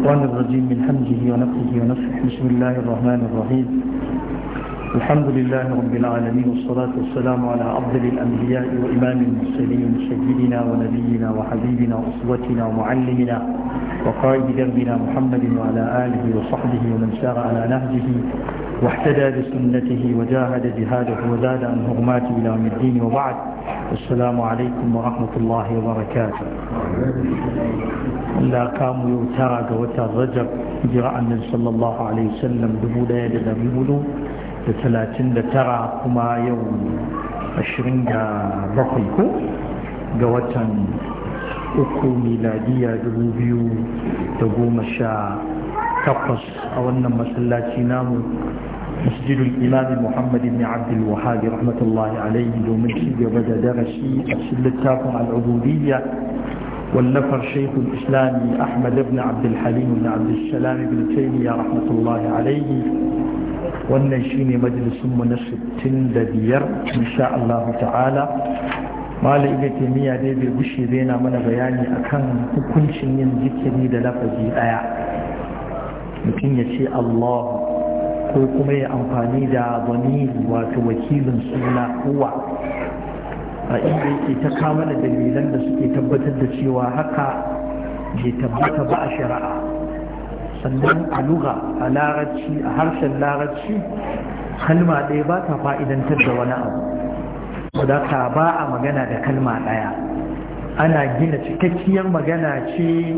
الشيطان الرجيم من حمده ونفسه ونفسه بسم الله الرحمن الرحيم الحمد لله رب العالمين والصلاة والسلام على أفضل الأنبياء وإمام المرسلين سيدنا ونبينا وحبيبنا وأسوتنا ومعلمنا وقائد دربنا محمد وعلى آله وصحبه ومن سار على نهجه واحتدى بسنته وجاهد جهاده وزاد عن هغمات إلى يوم الدين وبعد السلام عليكم ورحمة الله وبركاته لا كام يوتاغ وترجب جراء النبي صلى الله عليه وسلم دبولا يدد بيبولو لثلاثين لترى كما يوم عشرين بقيكو جواتا أكو ميلادية دبوبيو دبوم da تقص sha takwas a wannan مسجد الإمام محمد بن عبد الوهاب رحمة الله عليه ومن شيء بدا درشي أشل التافع العبودية والنفر شيخ الإسلام أحمد بن عبد الحليم بن عبد السلام بن تيمية رحمة الله عليه والنشين مجلس من ستين دبير إن شاء الله تعالى mala iga kimiyya dai bai gushe zai na mana bayani akan hukuncin yin zikiri da lafazi daya mutum ya ce Allah ko kuma ya amfani da wani wato wakilin suna kowa. a inda yake ta kama da dalilan da suke tabbatar da cewa haka bai tabbata ba a shari'a sannan a lura a larabci a harshen larabci kalma ɗaya ba ta fa'idantar da wani abu da ka ba a magana da kalma ɗaya ana gina cikakkiyar magana ce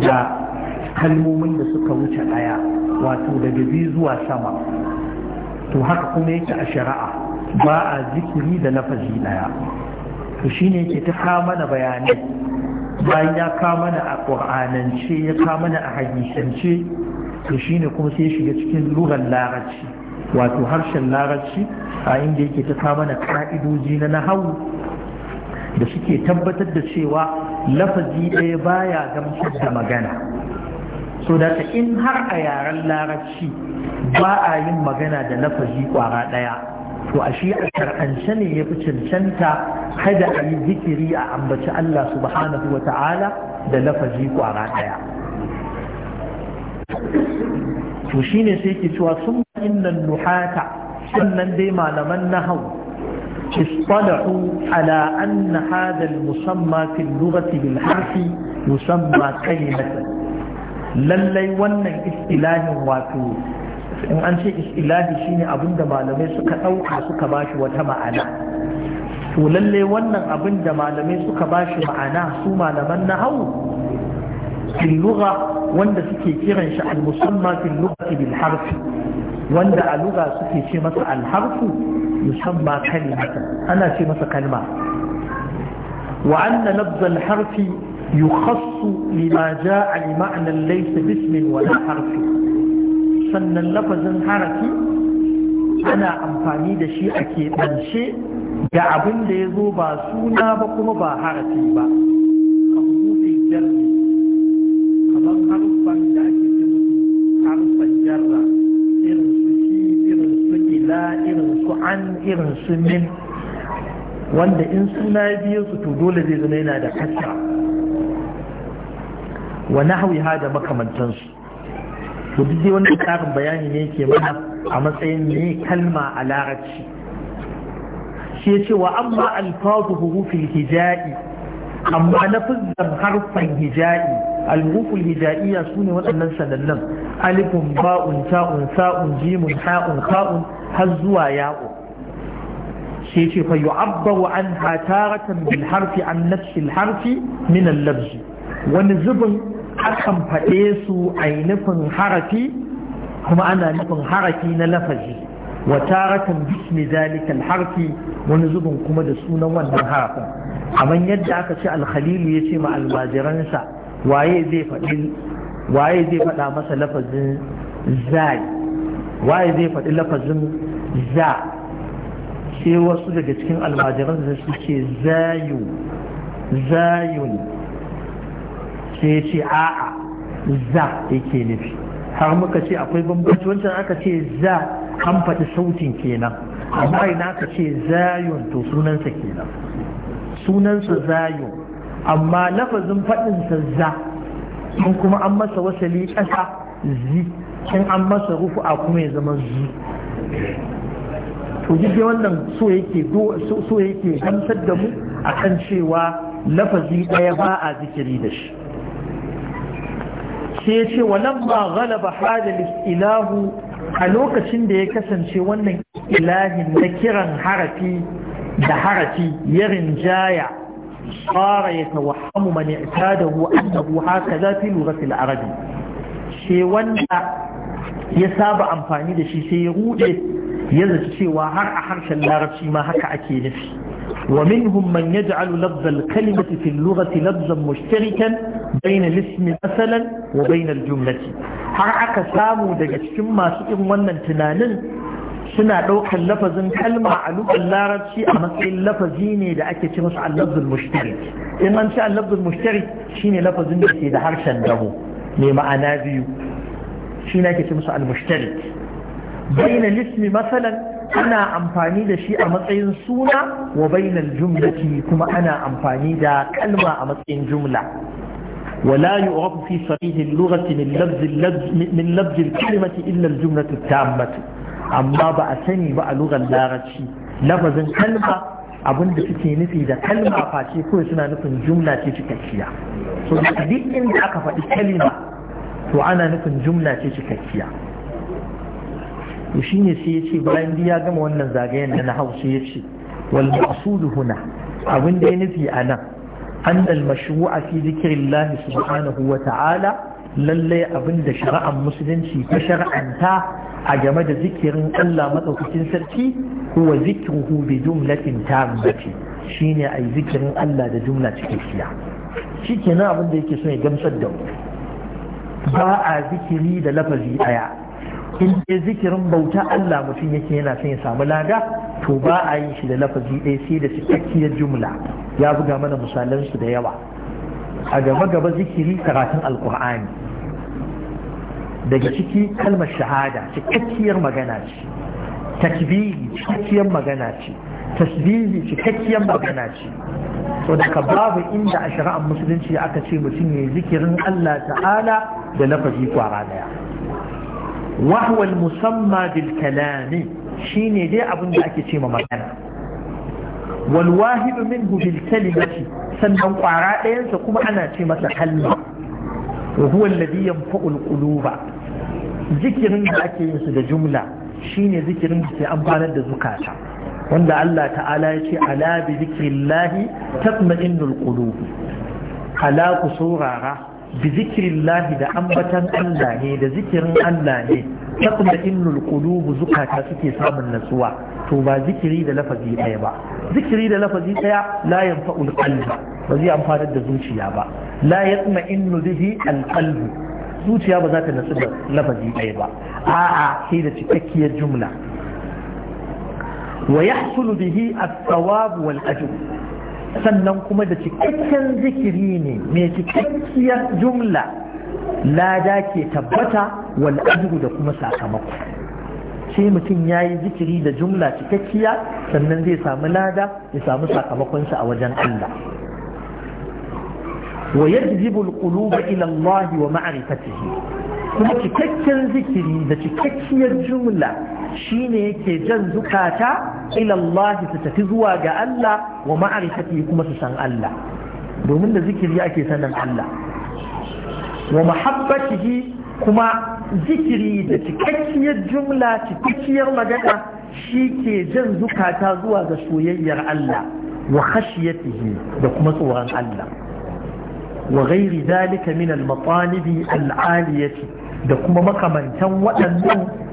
da kalmomin da suka wuce ɗaya wato daga biyu zuwa sama to haka kuma yake a shari'a ba a zikiri da lafazi daya to shine yake ta na bayanai bayan ya kamana a ƙur'anance ya kamana a hadisance to shine kuma sai shiga cikin lugar laraci, wato harshen larabci a inda yake ta kamana ka'idoji na nahawu da suke tabbatar da cewa lafazi ɗaya baya gamsar da magana so da ka in har a yaren larabci ba a yin magana da lafazi kwara ɗaya to a shi a shar'ance ne ya fi cancanta kada a yi zikiri a ambaci Allah subhanahu wa ta'ala da lafazi kwara ɗaya to ne sai ke cewa sun innan nuhata sannan dai malaman nahau اصطلحوا على أن هذا المسمى في اللغة بالحرف يسمى كلمة lallai wannan istilahin wato in an ce istilahi shine abin da malamai suka ɗauka suka bashi wata ma'ana to lallai wannan abin da malamai suka bashi ma'ana su malaman na hau fil wanda suke kiran shi al-musamma fil lughati bil wanda a lugha suke ce masa al-harfu musamma kalimatan ana ce masa kalma wa anna lafz al-harfi يخص لما جاء لمعنى ليس باسم ولا حرف sannan lafazin harafi ana amfani da shi a keɓance ga abin da ya zo ba suna ba kuma ba harafi ba kamar harufan da ake ce harufan jarra irin su shi irin su ila irin su an irin su min wanda in suna biyu su to dole zai zama yana da kasra wa nahwiha da makamantansu to duk dai wannan tsarin bayani ne yake mana a matsayin ne kalma a larabci shi yace wa amma alfadu hurufin hijai amma lafazan harfan hijai alhuruful hijaiya sune waɗannan sanannan alifun ba'un ta'un sa'un jimun ha'un ka'un har zuwa ya'u sai ce fa yu'abbaru ha taratan bil harfi an nafsi al harfi min al labzi wani zubin akan faɗe su a yi nufin harafi kuma ana nufin harafi na lafazi wa taratan bismi zalikal harfi wani zubin kuma da sunan wannan harafin amma yadda aka ce alkhalilu ya ce ma almajiransa waye zai faɗi waye zai faɗa masa lafazin zai waye zai faɗi lafazin za sai wasu daga cikin almajiransa suke zayu sai ya ce a'a za yake nufi har muka ce akwai bambanci wancan aka ce za an faɗi sautin kenan amma ina aka ce zayon to sunansa kenan sunansa zayo amma lafazin faɗinsa za in kuma an masa wasali ƙasa zi in an masa rufu a kuma ya zama zu to jirgin wannan so yake so yake gamsar da mu akan cewa lafazi ɗaya ba a zikiri da shi sai ya ce ba galaba hadal ilahu a lokacin da ya kasance wannan ilahin na kiran harafi da harafi ya rinjaya fara ya tawahamu man i'tadahu annahu hakaza fi lughati al-arabi shi wanda ya saba amfani da shi sai ya rude ya zaci cewa har a harshen larabci ma haka ake nufi ومنهم من يجعل لفظ الكلمة في اللغة لفظا مشتركا بين الاسم مثلا وبين الجملة حقا سامو دقا شما سئم وانا انتنانن سنا روح اللفظ كلمة علوك اللارب اما سئل لفظيني لأكي تنص على اللفظ المشترك اما انشاء اللفظ المشترك شيني لفظ انتسي ده دهو لما انا بيو شيني اكي تنص على المشترك بين الاسم مثلا ana amfani da shi a matsayin suna wa bainal jumlati kuma ana amfani da kalma a matsayin jumla ولا يعرف في صحيح اللغة من illar اللفظ من amma الكلمة إلا الجملة التامة أما بأسني بقى لغة اللغتي لفظ كلمة abin da suke nufi da kalma face kawai suna nufin jumla ce cikakkiya so duk inda aka faɗi kalima to ana nufin jumla ce cikakkiya to ne sai ya ce bayan ya gama wannan zagayen na hausa ya ce wal maqsudu huna abin da ya nufi a nan an dal a fi lahi subhanahu wa ta'ala lallai abin da shari'ar musulunci ta shar'anta a game da zikirin Allah matsaukacin sarki ko huwa zikruhu bi jumlatin Shi shine ai zikirin Allah da jumla shi kenan abin da yake so ya gamsar da ba a zikiri da lafazi ɗaya. in dai zikirin bauta Allah mutum yake yana son ya samu lada to ba a yin shi da lafazi ɗaya sai da cikakkiyar jumla ya buga mana misalan su da yawa a gaba gaba zikiri karatun alkur'ani daga ciki kalmar shahada cikakkiyar magana ce takbiri cikakkiyar magana ce tasbihi cikakkiyar magana ce to daga babu inda a shari'ar musulunci aka ce mutum ya zikirin Allah ta'ala da lafazi kwara daya وهو المسمى بالكلام شيني دي أبن دعك تيما مكانا والواهب منه بالكلمة سنن قعرائين سكم أنا تيما تحلم وهو الذي ينفق القلوب ذكر دعك يسد جملة شيني ذكر دعك أنبانا دزكاتا وأن الله تعالى يتي على بذكر الله تطمئن القلوب على قصورها bi lahi da ambatan Allah ne da zikirin Allah ne kuma innul qulub zukata suke samun natsuwa to ba zikiri da lafazi ɗaya ba zikiri da lafazi ɗaya la yanfa'ul qalba ba zai amfanar da zuciya ba la yatma bihi al zuciya ba za ta natsu da lafazi ɗaya ba a'a sai da cikakkiyar jumla wa yahsulu bihi as-thawab wal ajr sannan kuma da cikakken zikiri ne mai cikakkiyar jumla lada ke tabbata wal da kuma sakamako sai mutum ya yi zikiri da jumla cikakkiya sannan zai samu lada ya samu sakamakonsa a wajen Allah wa yajibul quluba ila Allah wa ma'rifatihi kuma cikakken zikiri da cikakkiyar jumla Shi ne yake jan zukata ilallahi su tafi zuwa ga Allah wa ma'arifati kuma su san Allah domin da zikiri ake sanin Allah wa mahabbatihi kuma zikiri da cikakkiyar jumla cikakkiyar magana shi ke jan zukata zuwa ga soyayyar Allah wa khashiyatihi da kuma tsoron Allah wa ghairi zalika min al-matalibi al-aliyati da kuma makamantan waɗannan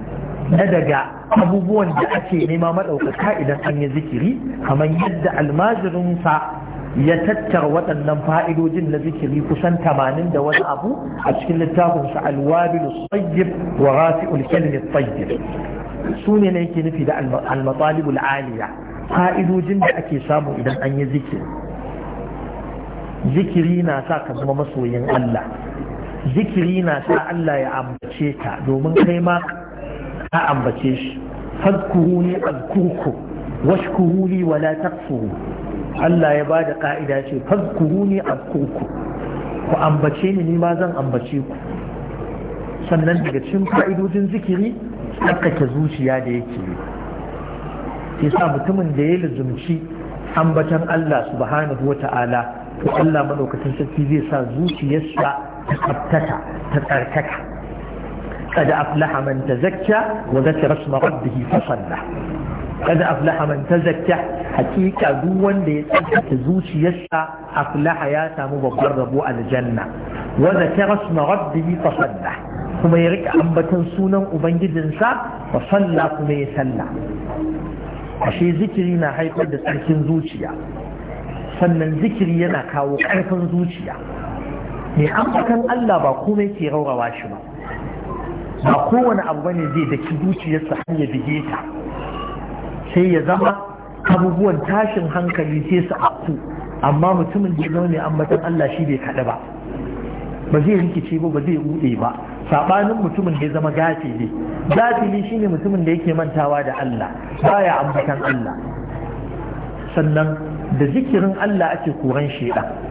na daga abubuwan da ake nema maɗaukaka idan an yi zikiri kamar yadda almajirinsa ya tattara waɗannan fa'idojin na zikiri kusan tamanin da wani abu a cikin littafinsa alwabilu tsayyib wa rafi'ul kalmi tsayyib su ne na yake nufi da almatsalibul aliya fa'idojin da ake samu idan an yi zikiri zikiri na sa ka zama masoyin Allah zikiri na sa Allah ya ambace ka domin kai ma ta ambace shi fadkuruni azkurku washkuruli wala takfuru Allah ya bada ka'ida ce fadkuruni azkurku ku ambace ni ni ma zan ambace ku sannan daga cikin fa'idojin zikiri tsarkake zuciya da yake yi sa mutumin da ya lizumci ambatan Allah subhanahu wa ta'ala to Allah madaukakin sarki zai sa zuciyarsa ta tsabtata ta tsarkaka قد أفلح من تزكى وذكر اسم ربه فصلى قد أفلح من تزكى حقيقة دوان دي تزوش يسا أفلح يا سامو بقربو الجنة وذكر اسم ربه فصلى kuma ya rika ambatan sunan ubangijinsa wa salla kuma ya salla ashe zikiri na haifar da sarkin zuciya sannan zikiri yana kawo ƙarfin zuciya mai ambatan Allah ba komai ke raurawa shi ba ba kowane abu bane zai daki zuciyarsa har ya bige ta sai ya zama abubuwan tashin hankali sai su aku amma mutumin da ya zama mai ambatan Allah shi bai kaɗa ba ba zai rikice ba ba zai rude ba sabanin mutumin da ya zama gafili gafili shine mutumin da yake mantawa da Allah baya ambatan Allah sannan da zikirin Allah ake koran sheda.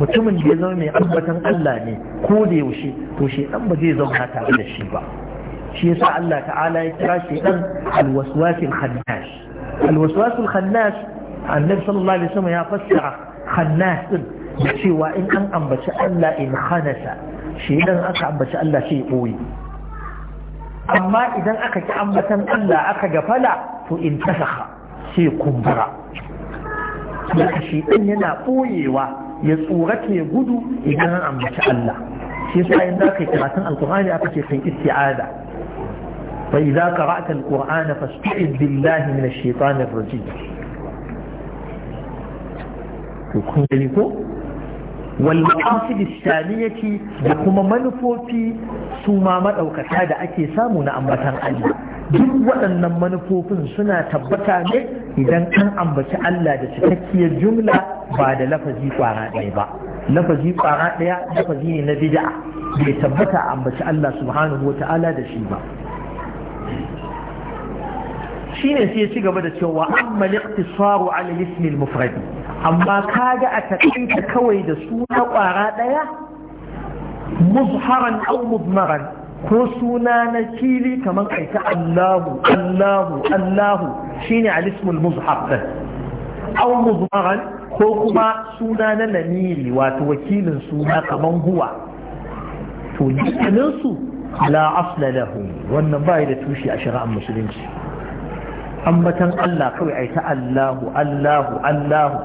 mutumin da ya zama mai ambatan Allah ne ko da yaushe to shedan ba zai zauna tare da shi ba shi yasa Allah ta'ala ya kira shedan alwaswasil khannas alwaswasul khannas annabi sallallahu alaihi wasallam ya fassara khannas din da cewa in an ambaci Allah in khanasa shedan aka ambaci Allah sai ya boye amma idan aka ki ambatan Allah aka gafala to in tasaha sai kumbura da shi din yana boyewa ya tsorata ya gudu idan an ambaci Allah shi yasa yanzu aka yi karatun alkur'ani aka ce kai isti'aza fa idza qara'ta alqur'ana fasta'iz billahi min ash-shaytanir rajim to kun gani ko wal maqasid ath-thaniyati da kuma manufofi suma maɗaukata da ake samu na ambatan Allah duk waɗannan manufofin suna tabbata ne idan an ambaci Allah da cikakkiyar jumla ba da lafazi kwara ɗaya ba lafazi kwara ɗaya lafazi ne na bid'a bai tabbata a ambaci Allah subhanahu wa ta'ala da shi ba shine sai ya ci gaba da cewa amma liqtisaru ala ismi al-mufrad amma kaga a takaita kawai da suna kwara ɗaya muzharan au ko suna na fili kamar aita Allahu Allahu Allahu shine alismul ismul muzhar au muzmaran ko kuma suna na namiri wato wakilin suna kamar huwa to dukkanin su la asla lahu wannan bai da tushe a shari'ar musulunci ambatan Allah kawai aita Allahu Allahu Allahu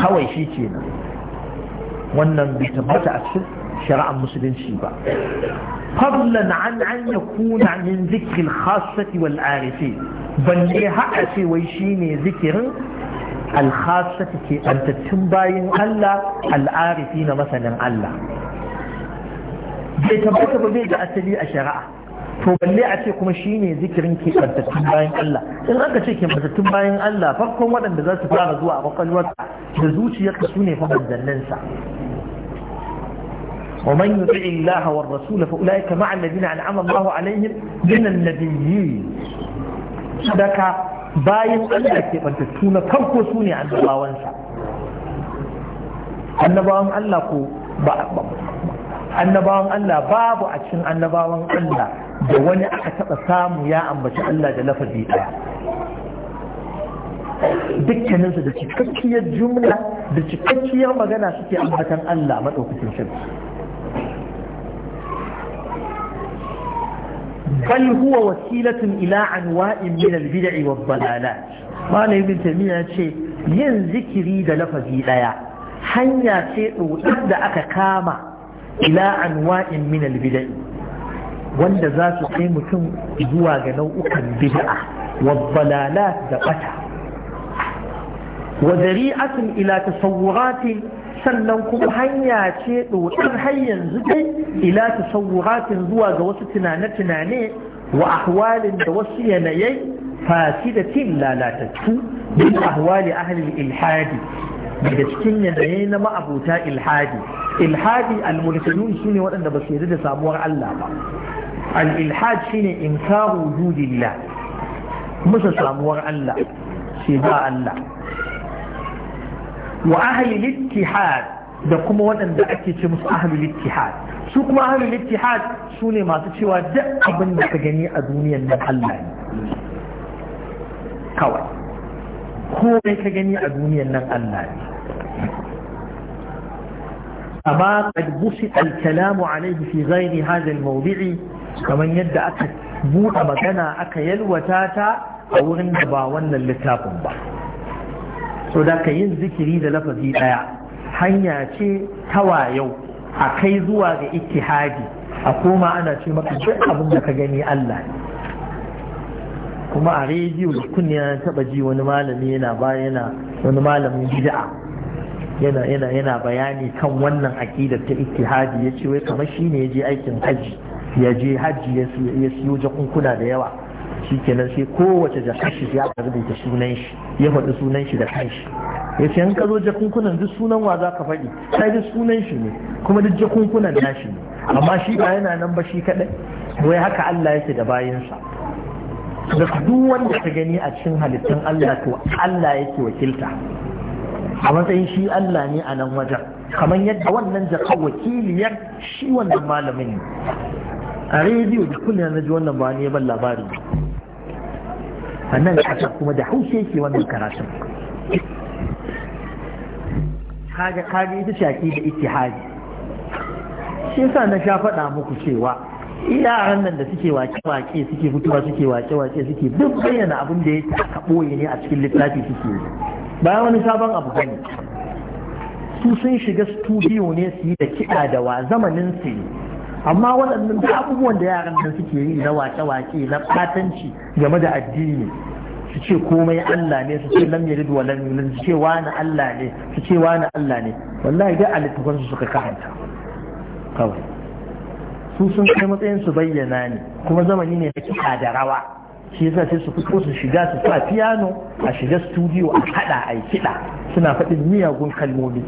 kawai shi kenan wannan bai tabbata a cikin shari'ar musulunci ba fadlan an an ya kuna min zikirin khasati wal arifi balle haɗa ce wai shine zikirin alkhasati ke ɓantattun bayan Allah al'arifi na masanin Allah bai tabbata ba bai da asali a shari'a to balle a ce kuma shine zikirin ke ɓantattun bayan Allah in aka ce ke ɓantattun bayan Allah farkon waɗanda za su fara zuwa a kwakwalwarsa da zuciyarka su ne fa manzanninsa ومن يطع الله والرسول فأولئك مع الذين أنعم الله عليهم من النبيين صدق باين الله كيف أنت تكون كم سوني عن الله وانسى annabawan Allah ko annabawan Allah babu a cikin annabawan Allah da wani aka taɓa samu ya ambaci Allah da lafazi ɗaya dukkaninsu da cikakkiyar jumla da cikakkiyar magana suke ambatan Allah maɗaukacin shirki bal huwa wasilatun ila anwa'in min al-bid'i wa dalalat malai ibn ce yin zikiri da lafazi ɗaya. hanya ce dodar da aka kama ila anwa'in min al-bid'i wanda za su kai mutum zuwa ga nau'ukan bid'a wa dalalat da bata wa dari'atun ila sannan kuma hanya ce ɗotar har yanzu dai ila tasawwuratin zuwa ga wasu tunane-tunane wa ahwalin da wasu yanayai cin lalatattu min ahwali ahli ilhadi daga cikin yanayi na ma'abuta ilhadi ilhadi al-mulkiyun ne waɗanda ba su yarda da samuwar Allah ba al-ilhad shine inkaru wujudillah musa samuwar Allah shi ba Allah wa ahli littihad da kuma waɗanda ake ce musu ahli littihad su kuma ahli littihad su ne masu cewa duk abin da ka gani a duniyar nan Allah ne kawai komai ka gani a duniyar nan Allah ne amma qad busit al-kalamu alayhi fi ghairi hadha al-mawdi'i kamar yadda aka buɗe magana aka yalwata ta a wurin da ba wannan littafin ba so da ka yin zikiri da lafazi ɗaya hanya ce ta yau a kai zuwa ga ittihadi a koma ana ce maka duk abin da ka gani Allah kuma a rediyo da kunya taba ji wani malami yana ba wani malamin bid'a yana yana yana bayani kan wannan aqidar ta ittihadi yace wai kamar shine yaje aikin haji yaje hajji haji ya siyo jakunkuna da yawa shikenan sai kowace jaka shi ya rubuta sunan shi ya faɗi sunan shi da kanshi ya ce ka zo jakunkunan duk sunan wa za ka faɗi sai duk sunan shi ne kuma duk jakunkunan nashi ne amma shi ba yana nan ba shi kaɗai wai haka Allah yake da bayansa da duk wanda ka gani a cikin halittun Allah to Allah yake wakilta a matsayin shi Allah ne a nan wajen kamar yadda wannan jaka wakiliyar shi wannan malamin ne a rediyo da kullum na ji wannan ba ne ban labari a nan kuma da haushe ke wannan karatun kaga kaga ita shaki da ita ittihadi shi yasa na sha faɗa muku cewa yaran nan da suke wake-wake suke fitowa suke wake-wake suke duk bayyana abin da yake aka ɓoye ne a cikin littafi suke yi bayan wani sabon abu bane su sun shiga studio ne su yi da kiɗa da wa zamanin su yi amma waɗannan da abubuwan da yaran da suke yi na wake-wake na fatanci game da addini su ce komai Allah ne su ce lam yalid wa lam su ce wani Allah ne su ce wani Allah ne wallahi da alittafan su suka karanta kawai su sun kai matsayin su bayyana ne kuma zamani ne na kiɗa da rawa shi yasa sai su fito su shiga su sa piano a shiga studio a haɗa a yi kiɗa suna faɗin miyagun kalmomi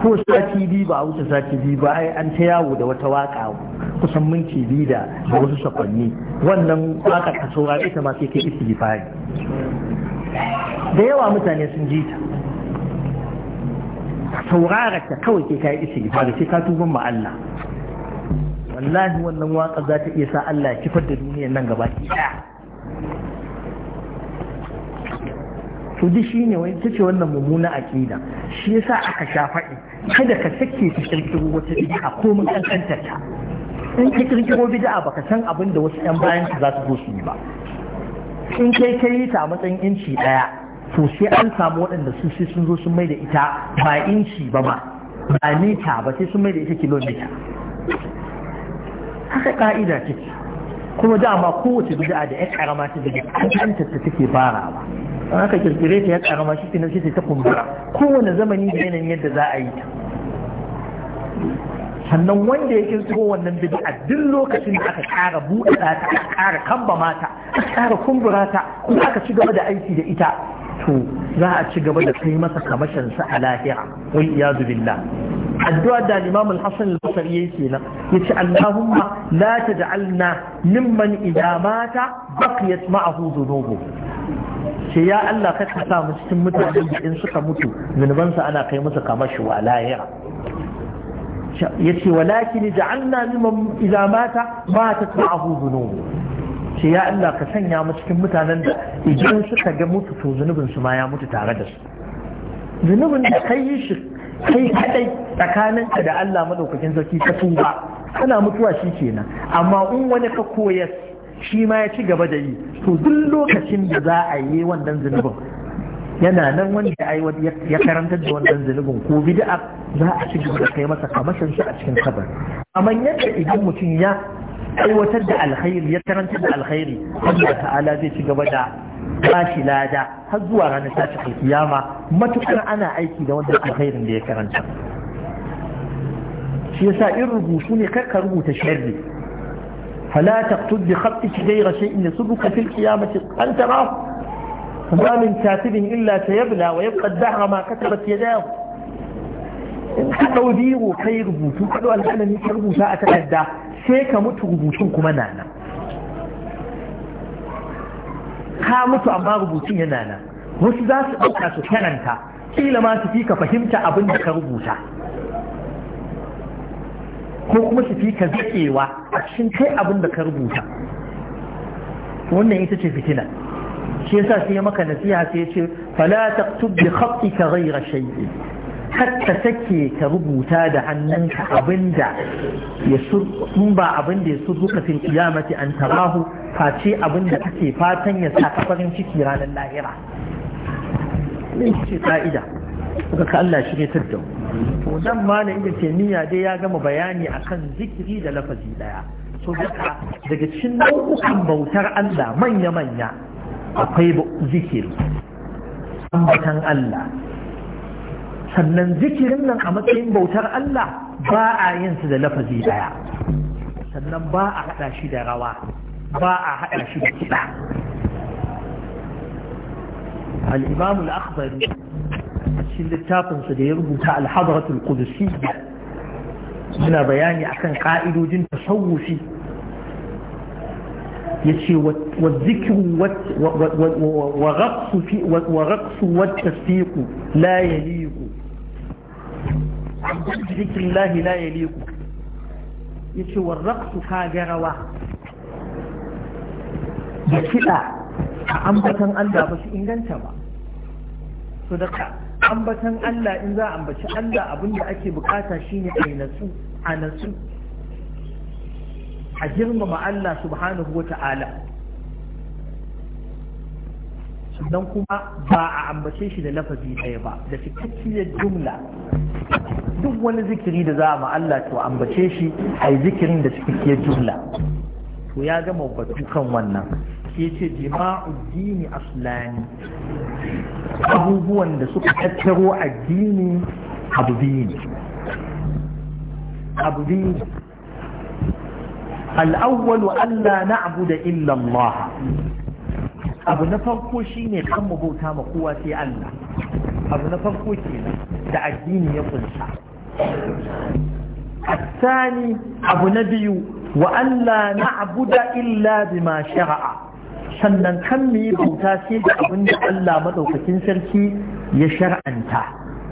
ko sati biyu ba a wuce sati biyu ba ai an ta yawo da wata waka kusan minti biyu da wasu sakonni wannan waka ka saurare ita ma sai kai istighfari da yawa mutane sun ji ta saurara ta kawai ke kai istighfari sai ka tuban ma Allah wallahi wannan waka za ta iya sa Allah ya kifar da duniyar nan gaba ɗaya to duk shi ne wani tace wannan mummuna aƙida shi yasa aka sha faɗi kada ka sake ta kirkiro wata bid'a ko mun kankantar ta in ka kirkiro bid'a baka san abin da wasu yan bayan ka za su zo su yi ba in kai ka yi ta matsayin inci ɗaya to sai an samu waɗanda su sai sun zo sun mai da ita ba inci ba ma ba mita ba sai sun mai da ita kilomita haka ka'ida ce kuma dama kowace bid'a da ya karama ta da kankanta ta take farawa an aka kirkire ta ya karama shi na shi ta kumbura kowane zamani da yanayin yadda za a yi ta sannan wanda ya kirkiro wannan a duk lokacin da aka kara buɗe ta aka kara kamba mata aka kara kumbura ta kuma aka ci gaba da aiki da ita to za a ci gaba da kai masa kamashin sa a lahira wal iyadu billah addu'a da Imam Al-Hasan Al-Basri yake kenan yace Allahumma la taj'alna mimman idza mata baqiyat ma'ahu dhunubu ce ya Allah ka sa mu cikin mutane da in suka mutu zunubansu ana kai musu kamar shi wa lahira ya ce da ja'alna mimman idza mata ta ma'ahu dhunub ce ya Allah ka sanya mu cikin mutanen da idan suka ga mutu to zunubin su ma ya mutu tare da su zunubin da kai yi shi kai kadai tsakanin ka da Allah madaukakin sarki ka tuba kana mutuwa shi kenan amma in wani ka koyar shi ma ya ci gaba da yi to duk lokacin da za a yi wannan zunubin yana nan wanda ya ya karantar da wannan zunubin ko bid'a za a ci gaba da kai masa kamashin shi a cikin kabar amma yadda idan mutum ya aiwatar da alkhairi ya karanta da alkhairi Allah ta'ala zai ci gaba da bashi lada har zuwa ranar tashi alkiyama matukar ana aiki da wannan alkhairin da ya karanta shi yasa in rubutu ne kar ka rubuta sharri فلا تقتد بخطك غير شيء يسبك في القيامة أن تراه وما من كاتب إلا سيبلى ويبقى الدهر ما كتبت يداه in ka ɗau biro ka rubutu ka ɗau alƙalami ka rubuta a takarda sai ka mutu rubutun kuma na nan ka mutu amma rubutun yana nan wasu za su ɗauka su karanta kila ma su ka fahimta abin da ka rubuta ko kuma su fi ka zaƙewa a cikin kai abin da ka rubuta wannan ita ce fitina shi yasa sai ya maka nasiha sai ya ce fala taqtub bi khatika ghayra shay'in hatta take ka rubuta da hannunka abinda ya in ba abinda ya surru ka fil qiyamati an tarahu face abinda kake fatan ya saka farin ciki ranar lahira ne ce ka'ida kuka ka Allah shi ne tadda to nan malam ibn taymiya dai ya gama bayani akan zikiri da lafazi daya so daga daga cikin nau'ukan bautar Allah manya manya akwai zikiri ambatan Allah sannan zikirin nan a matsayin bautar Allah ba a yin su da lafazi daya sannan ba a hada shi da rawa ba a hada shi da kiɗa al-imam al-akhbari cikin littafinsa da ya rubuta alhadratul qudusiyya muna bayani akan ka'idojin da yace wa zikru wa raqsu fi wa raqsu wa tasfiqu la yaliqu lahi la yaliqu yace wa raqsu ka garawa da kiɗa a ambatan Allah ba su inganta ba so da ambatan Allah in za a ambaci Allah abinda ake bukata shine a nasu a nasu a girmama Allah subhanahu wa ta'ala sannan kuma ba a ambace shi da lafazi ɗaya ba da cikakkiyar jumla duk wani zikiri da za a Allah to ambace shi a zikirin da cikakkiyar jumla to ya gama batu kan wannan sai ce jima'u dini aslani abubuwan da suka tattaro addini abu biyu ne abu biyu al'awwalu Allah na abu da illallah abu na farko shine kan mu bauta ma kowa sai Allah abu na farko kenan da addini ya kunsa الثاني أبو نبي وأن لا نعبد إلا بما شرع sannan kan mu yi bauta sai da abin da Allah maɗaukakin sarki ya shar'anta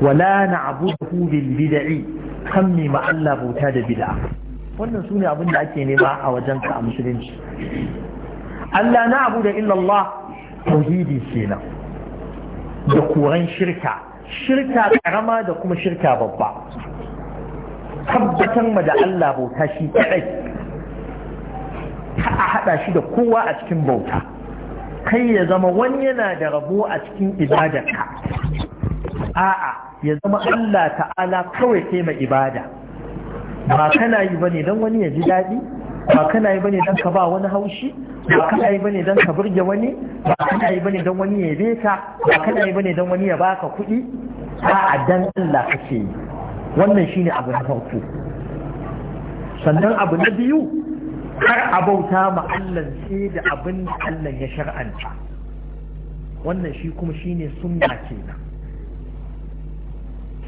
wala na'budu bil bid'i kan mu ma Allah bauta da bida'a wannan sune abin da ake nema a wajen ka a musulunci Allah na'budu illa Allah tauhidi kenan da koran shirka shirka karama da kuma shirka babba tabbatar ma da Allah bauta shi kadai ka a haɗa shi da kowa a cikin bauta kai ya zama wani yana da rabo a cikin ibadarka a'a ya zama Allah ta'ala kawai kai mai ibada ba kana yi bane don wani ya ji daɗi ba kana yi bane don ka ba wani haushi ba kana yi bane don ka burge wani ba kana yi bane don wani ya beta ba kana yi bane don wani ya baka kuɗi a'a dan Allah kake yi wannan shine abu na farko sannan abu na biyu Har abauta bauta ma Allah sai da abin da Allah ya shar'anta wannan shi kuma shi shine sunna kenan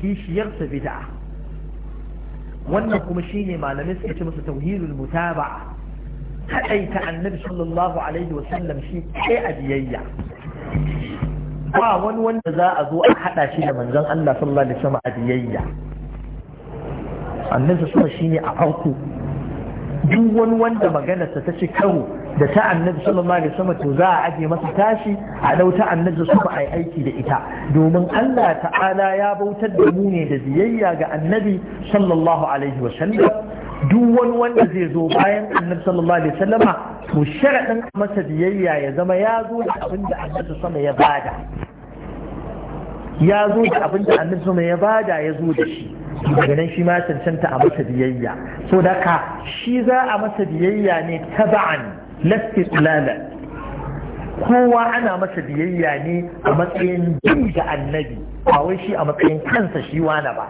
kishiyarsa bid'a wannan kuma shi shine malamai suka ce masa tauhidul mutaba'a ta annabi sallallahu alaihi wa sallam shi kai a biyayya ba wani wanda za a zo a haɗa shi da manzon Allah sallallahu alaihi wa sallam a biyayya annabi sallallahu alaihi wa sallam shine a farko duk wani wanda maganarsa ta ci karo da ta annabi sallallahu alaihi wasallam to za a aje masa tashi a dau ta annabi su ba ai aiki da ita domin Allah ta'ala ya bautar da mu ne da ziyayya ga annabi sallallahu alaihi wasallam duk wani wanda zai zo bayan annabi sallallahu alaihi wasallam to sharadin masa ziyayya ya zama ya zo da abin da annabi sama ya bada ya zo da abin da annabi sama ya bada ya zo da shi daga nan shi ma cancanta a masa biyayya so da ka shi za a masa biyayya ne taba'an lasti kowa ana masa biyayya ne a matsayin bin da annabi ba wai shi a matsayin kansa shi wani ba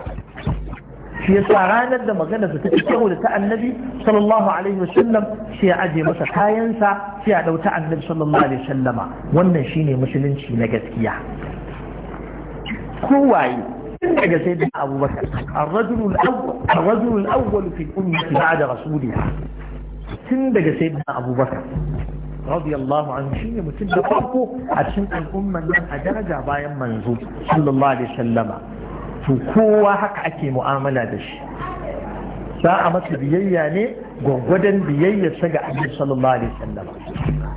shi yasa ranar da magana ta take kyau da ta annabi sallallahu alaihi wasallam shi ya aje masa kayansa shi ya dauta annabi sallallahu alaihi wasallama wannan shine musulunci na gaskiya kowaye daga sai da abubakar arrajulul awwal fi ummati ba'da rasuliha tun daga sai da abubakar radiyallahu anhu shine mutum da farko a cikin al'umman nan a daraja bayan manzo sallallahu alaihi wasallama to kowa haka ake mu'amala da shi za a masa biyayya ne gwaggwadon biyayyarsa ga annabi sallallahu alaihi wasallama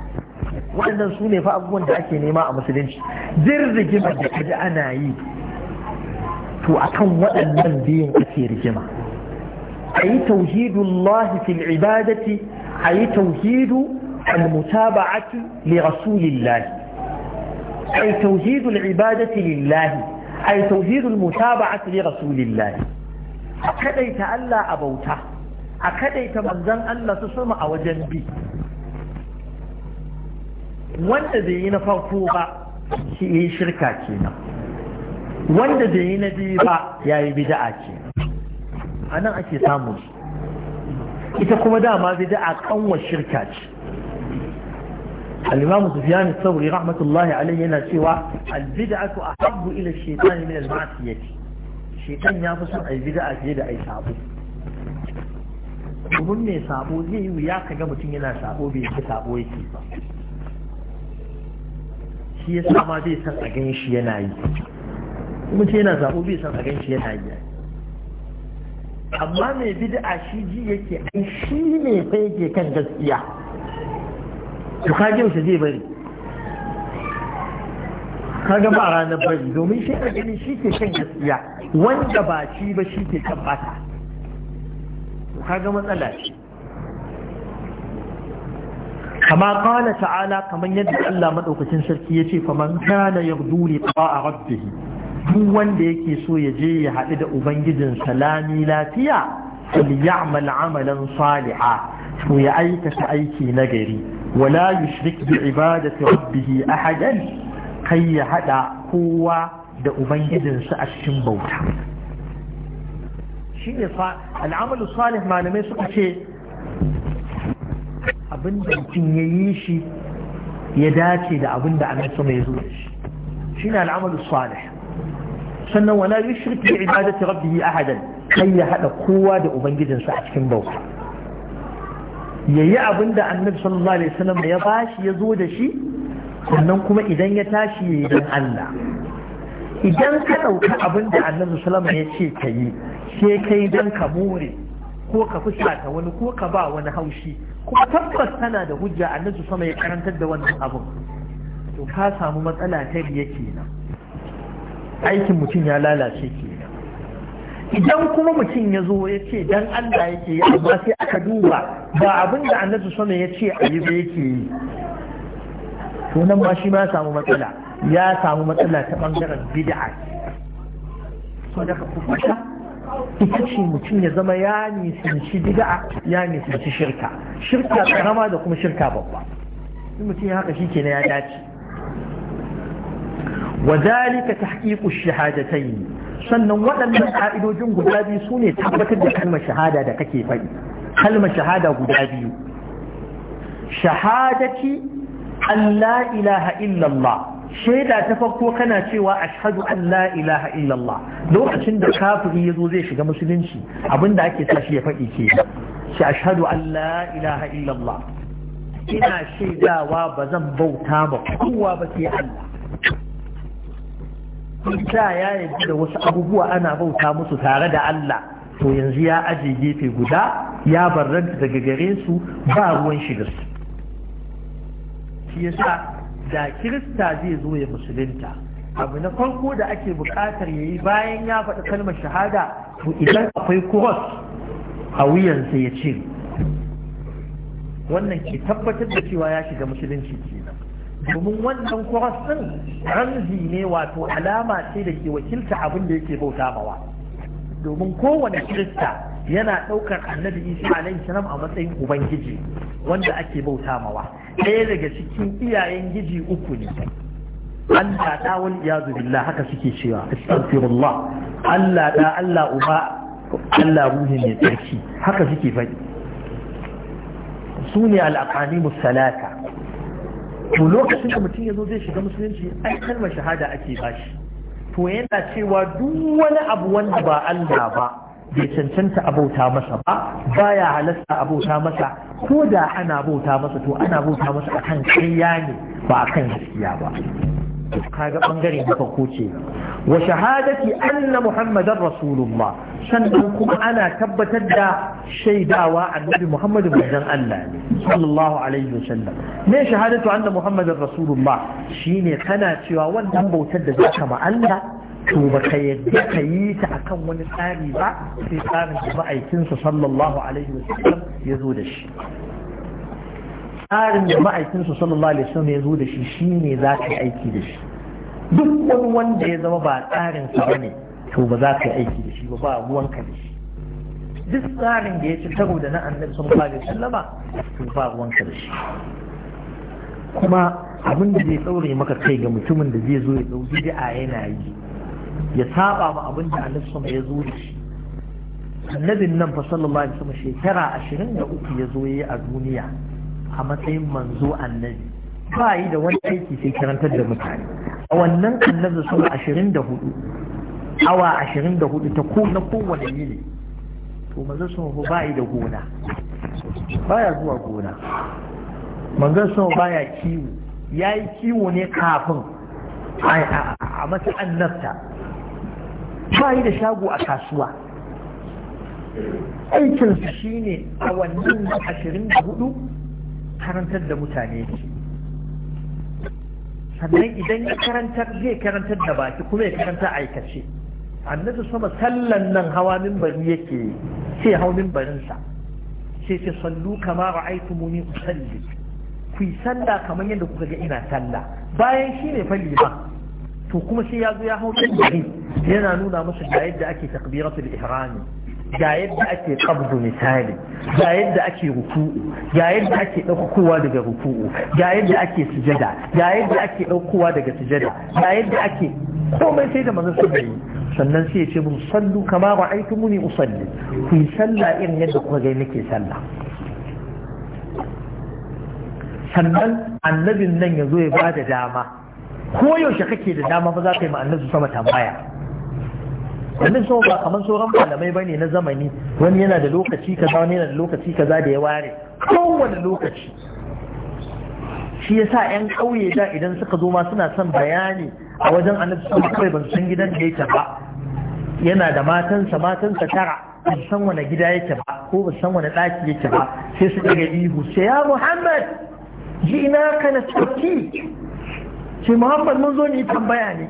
waɗannan su ne fa abubuwan da ake nema a musulunci jirgin da kaji ana yi to akan waɗannan biyun ake rigima a yi tauhidun lahi fil ibadati a yi tauhidu al-mutaba'ati li rasulillahi a yi tauhidun ibadati lillahi a yi al mutaba'ati li rasulillahi a kaɗaita Allah a bauta a kaɗaita manzan Allah su sama a wajen bi wanda zai yi na farko ba shi yi shirka kenan wanda da yi na direba ba ya yi bida'a ce a nan ake samu ita kuma dama bida'a kanwa shirka ce al-imamu sufyan rahmatullahi alayhi yana cewa al-bid'atu ahabbu ila shaytan min al-ma'siyati shaytan ya fi son ai bida'a fiye da ai sabo kun ne sabo zai yi ya kaga mutum yana sabo bai yi sabo yake ba shi ya ma zai san a ganin shi yana yi mutum yana zaɓo bai san a gan shi yana yi amma mai bi da shi ji yake ai shi ne fa yake kan gaskiya to ka ji zai bari ka ga ba ranar bari domin shi a gani shi ke kan gaskiya wanda ba shi ba shi ke kan bata ka ga matsala ce كما قال تعالى كمن يدعي الله مدعوكة سركية فمن كان يغدو لقاء ربه duk wanda yake so ya je ya haɗu da ubangijin salami lafiya falyamal amalan saliha to ya aikata aiki gari wala yushrik bi ibadati rabbih ahadan kai ya hada kowa da ubangijinsa a cikin bauta shi ne al'amalu salih malamai suka ce abin da mutum ya yi shi ya dace da abin da annabi sama ya zo da shi shi ne salih sannan wala yushrik bi ibadati rabbih ahadan kai ya hada kowa da sa a cikin bauta yayi abinda annabi sallallahu alaihi wasallam ya bashi ya zo da shi sannan kuma idan ya tashi yi dan Allah idan ka dauka abinda da annabi sallallahu alaihi wasallam ya ce kai sai kai dan ka more ko ka fusata wani ko ka ba wani haushi kuma tabbas tana da hujja annabi sama ya karantar da wannan abin to ka samu matsala ta biye kenan aikin mutum ya lalace ke idan kuma mutum ya zo ya ce dan Allah yake yi amma sai aka duba ba abin da annabi sama ya ce a yi ba yake yi to nan ma shi ma ya samu matsala ya samu matsala ta bangaren bid'a so da ka kufuta ita ce mutum ya zama ya nisanci bid'a ya nisanci shirka shirka karama da kuma shirka babba mutum ya haka shi kenan ya dace wa zalika tahqiqu shahadatayn sannan waɗannan ƙa'idojin guda biyu sune tabbatar da kalmar shahada da kake faɗi kalmar shahada guda biyu shahadati an ilaha illallah shaida ta farko kana cewa ashadu an ilaha illallah lokacin da kafiri yazo zai shiga musulunci abinda ake sa shi ya faɗi ke shi ashhadu an ilaha illallah ina shaidawa ba zan bauta ba kowa ba sai Allah da ya yi da wasu abubuwa ana bauta musu tare da Allah to yanzu ya aje gefe guda ya barranta daga gare su ba ruwan shi da su shi yasa da kirista zai zo ya musulunta abu na farko da ake bukatar ya yi bayan ya faɗi kalmar shahada to idan akwai kuros a wuyansa ya ce wannan ke tabbatar da cewa ya shiga musulunci domin wannan cross din ramzi ne wato alama ce da ke wakilta abin da yake bauta mawa domin kowane kirista yana ɗaukar annabi isa alaihi salam a matsayin ubangiji wanda ake bauta mawa ɗaya daga cikin iyayen giji uku ne Allah ta wal iyazu billah haka suke cewa astaghfirullah Allah da Allah uba Allah ruhi mai tsarki haka suke faɗi su ne al'aqani musalaka. to lokacin da mutum ya zo zai shiga musulunci ai kalmar shahada ake bashi to yana cewa duk wani abu wanda ba Allah ba bai cancanta abauta masa ba baya halasta abauta masa ko da ana bauta masa to ana bauta masa akan kariya ne ba akan gaskiya ba kaga bangare na farko ce wa shahadati anna muhammadar rasulullah sannan kuma ana tabbatar da shaidawa annabi Muhammadu manzon Allah ne sallallahu alaihi wasallam ne shahadatu anna Muhammadar Rasulullah shine kana cewa wannan bautar da za ma Allah to ba ka yadda ka yi ta akan wani tsari ba sai tsarin da ma'aikinsa sallallahu alaihi wasallam ya zo da shi tsarin da ma'aikinsa sallallahu alaihi wasallam ya zo da shi shine za ka yi aiki da shi duk wani wanda ya zama ba tsarinsa ba ne. to ba za ka yi aiki da shi ba ba ka da shi duk tsarin da ya ci karo da na annabi sun fara sallama to ba ka da shi kuma abin da zai tsaure maka kai ga mutumin da zai zo ya dauki bid'a yana yi ya saba ma abin da annabi sun ya zo da shi annabin nan fa sallallahu alaihi wasallam shekara 23 ya zo yayi a duniya a matsayin manzo annabi ba yi da wani aiki sai karantar da mutane a wannan annabi sun hudu. awa ashirin da hudu ta na kowane yini to manzon sun ba yi da gona baya zuwa gona manzon sun baya kiwo ya yi kiwo ne kafin a masu annabta ba yi da shago a kasuwa shi ne a wannan ashirin da hudu karantar da mutane sannan idan ya karantar zai karantar da baki kuma ya karanta aikace annabi sama sallan nan hawa bari yake sai hau minbarinsa sai ce sallu kama ra'aytumuni usalli ku yi sallah kamar yadda kuka ga ina sallah bayan shi ne fa ba to kuma sai ya zo ya hau minbari yana nuna masa ga yadda ake takbiratul ihrami ga yadda ake qabdu misali ga yadda ake ruku'u ga yadda ake daukowa daga ruku'u ga yadda ake sujada ga yadda ake daukowa daga sujada ga yadda ake komai sai da manzon su sannan sai ya ce mun sallu kama aiki muni usalli ku yi sallah irin yadda kuka gai nake sallah sannan annabin nan ya zo ya ba da dama ko yaushe kake da dama ba za ka yi ma sama tambaya wannan sama ba kamar sauran malamai ba ne na zamani wani yana da lokaci kaza wani yana da lokaci kaza da ya ware kowane lokaci shi yasa 'yan ƙauye da idan suka zo ma suna son bayani a wajen annabi sun kawai ban san gidan da yake ba yana da matansa matansa tara ban san wani gida yake ba ko ban san wani ɗaki yake ba sai su daga ihu sai ya muhammad ji ina ka na tsaki ce muhammad mun zo ni tambaya ne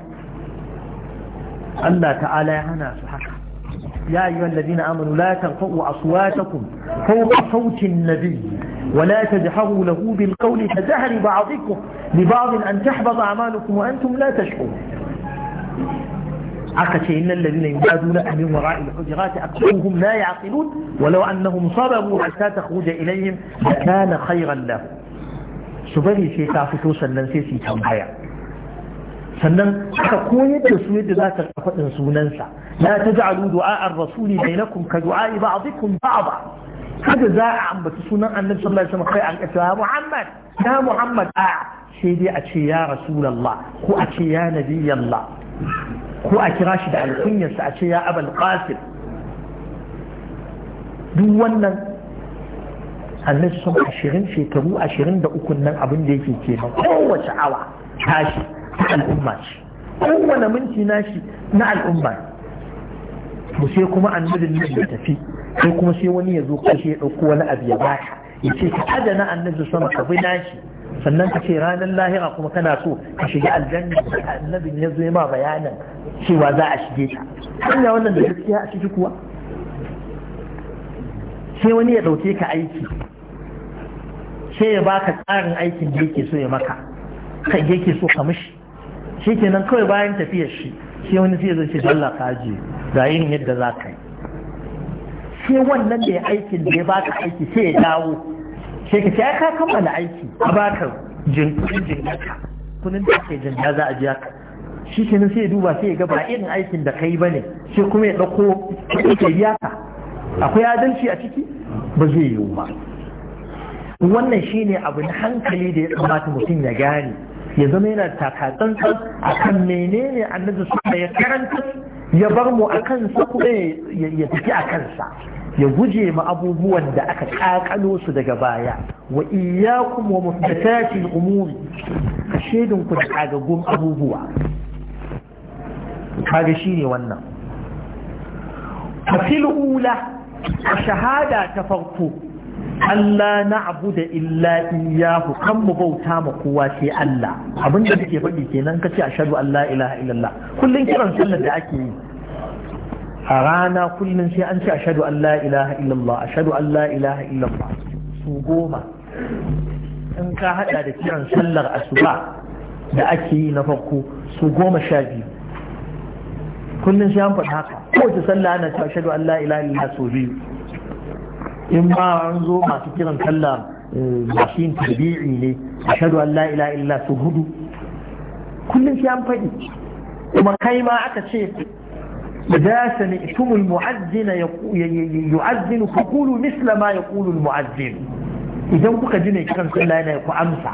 Allah ta'ala ya hana su haka ya ayyuhal ladina amanu la tarfa'u aswatakum fawqa sawti an ولا تجحروا له بالقول فجهر بعضكم لبعض أن تحبط أعمالكم وأنتم لا تشعرون عكشي إن الذين يبادون من وراء الحجرات أكثرهم لا يعقلون ولو أنهم صبروا حتى تخرج إليهم لكان خيرا لهم سبري سيكا فتوسا لن سيسي تنبيع sannan aka koyar da su yadda za ta faɗin sunansa la ta ja'alu du'a ar-rasuli bainakum ka ba'dikum ba'da kada za a ambaci sunan annabi sallallahu alaihi wasallam kai an kace Muhammad ya Muhammad a sai dai a ce ya Rasulullah ko a ce ya Nabiyallah ko a kira shi da alkunyarsa a ce ya Abul Qasim duk wannan annabi sun ashirin shekaru ashirin da ukun nan abin da yake kenan kowace awa tashi ta al'umma ce kowane minti nashi na al'umma mu sai kuma annabin nan ya tafi kai kuma sai wani ya zo kashe ya ɗauko wani abu ya baka ya ce ka adana annabi sama ka bi nashi sannan ka ce ranar lahira kuma kana so ka shiga aljanna annabi ya zo ma bayanin cewa za a shige ta hanya wannan da gaskiya a ciki kuwa sai wani ya ɗauke ka aiki sai ya baka tsarin aikin da yake so ya maka ka yake so ka mishi shi kenan kawai bayan tafiyar shi sai wani sai ya zo ce Allah ka ajiye ga yin yadda za ka yi sai wannan da ya aikin da ya baka aiki sai ya dawo sai ka sai ka kammala aiki a baka jin jinkinka kunin da jin za a biya ka shi kenan sai ya duba sai ya ga ba irin aikin da kai bane sai kuma ya dauko ya biya ka akwai adalci a ciki ba zai yiwu ba wannan shine abu na hankali da ya kamata mutum ya gane ya zama yana takatsantsan a kan menene annabi suna ya karanta ya bar mu a kansa kuma ya tafi a kansa ya guje ma abubuwan da aka kakalo su daga baya wa iyyakum wa muhdathatil umuri shedin ku da kagagun abubuwa kaga ne wannan fasil ula shahada ta farko Allah da illa iyyahu kan mu bauta ma kowa sai Allah abinda kake faɗi kenan kace ashhadu Allah, la ilaha illallah kullun kiran sallar da ake yi a rana kullum sai an ce ashadu an la ilaha illallah ashadu an la ilaha illallah su goma in ka haɗa da kiran sallar asuba da ake yi na farko su goma sha biyu kullum sai an faɗa haka kowace sallah ana cewa ashadu an la ilaha illallah su biyu in ma an zo masu kiran sallah eh, mashin yin tabi'i ne ashadu an la ilaha illallah su hudu kullum sai an faɗi kuma kai ma aka ce إذا سمعتم المعزن يعزن فقولوا مثل ما يقول المعزن إذا kuka ji mai kiran sallah ku amsa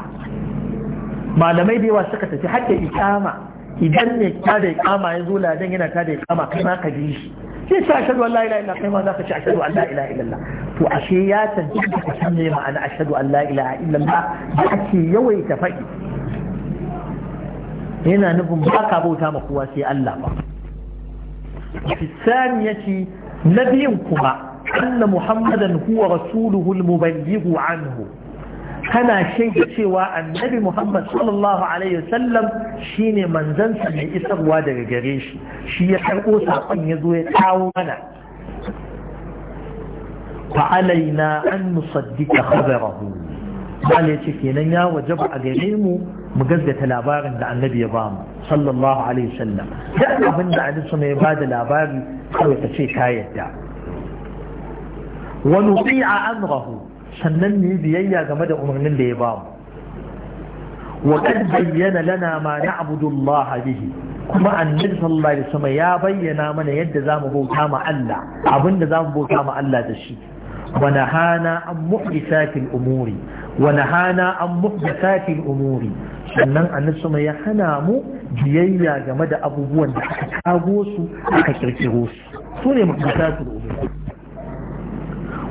malamai da yawa suka tafi hatta ikama idan ne ta da ikama ya zo ladan yana ta da ikama kai ka ji shi sai sa ashhadu an illa kai ma za ka ci ashhadu an to ashe ya san me ma'ana ashhadu an da ake yawaita faɗi yana nufin ba ka bauta ma kowa sai Allah ba في الثانية نبيكما أن محمدا هو رسوله المبلغ عنه كان شيء سوى النبي محمد صلى الله عليه وسلم شين من زنس من إسر وادر جريش شيء يحرقو ساقن يزوي تعاونا فعلينا أن نصدق خبره قال يا شيخ وجب علينا mu gaskata labarin da annabi ya bamu sallallahu alaihi wasallam duk abin da annabi sama ya labari kawai ka ce ka yadda wa nuti'a amrahu sannan mu biyayya game da umarnin da ya bamu wa qad bayyana lana ma na'budu Allah bihi kuma annabi sallallahu alaihi wasallam ya bayyana mana yadda zamu bauta ma Allah abinda zamu bauta ma Allah da shi wa nahana an muhdisatil umuri wani hana an muhdathatil umuri sannan annabi ya hana mu biyayya game da abubuwan da aka kago su aka kirkiro su su sune muhdathatil umuri